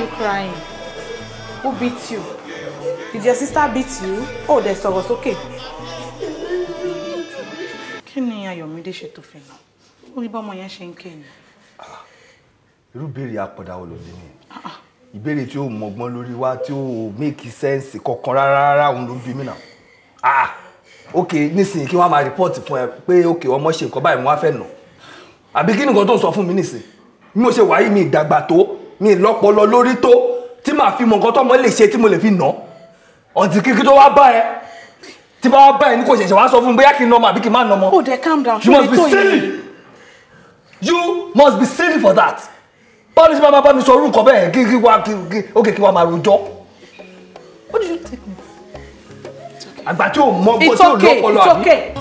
you crying? Who beat you? Did your sister beat you? Oh, the sọ̀rọ̀ was okay. ni Ayọ̀mídé ṣe tó fẹ́ náà? Ó rí bọ́mọ yẹn ṣe ń ké ni. Irú ìbéèrè apọ̀dà wo ló dé ni? Ah, ah. Ìbéèrè tí ó mọ̀gbọ́n wa tí ó make sense kankan rárá rárá òun ló bí mí náà. Ah, ok nísìnyí kí wọ́n máa rìpọ́ọ̀tì fún ẹ pé ok ọmọ ṣe nǹkan báyìí mo wá fẹ́ nà. Àbí kí nìkan tó ń sọ fún mi nísìnyí? Bí mo ṣe wáyé mi ìdàgbà tó mi lọ́pọlọ lórí tó tí màá fi mọ nǹkan tọ́mọ lè ṣe tí mo lè fi nà ọ̀ǹtí kíkí tó wá bá ẹ tí bá wá bá ẹ ní kò ṣẹ̀ṣẹ̀ wá sọ fún mi bóyá kí n nà ọmọ àbí kí n má nà ọmọ. o oh, de calm down must be silly. you must be silly for that. báwo ni ṣe máa bá mi sọ orúkọ bẹ́ẹ̀ kí kí wá kí kí ókè kí wá máa rojọ́. what did you take me. àgbà tí ò mọ gbọ́ tí ò lọ́pọlọ àbí. it's okay it's okay.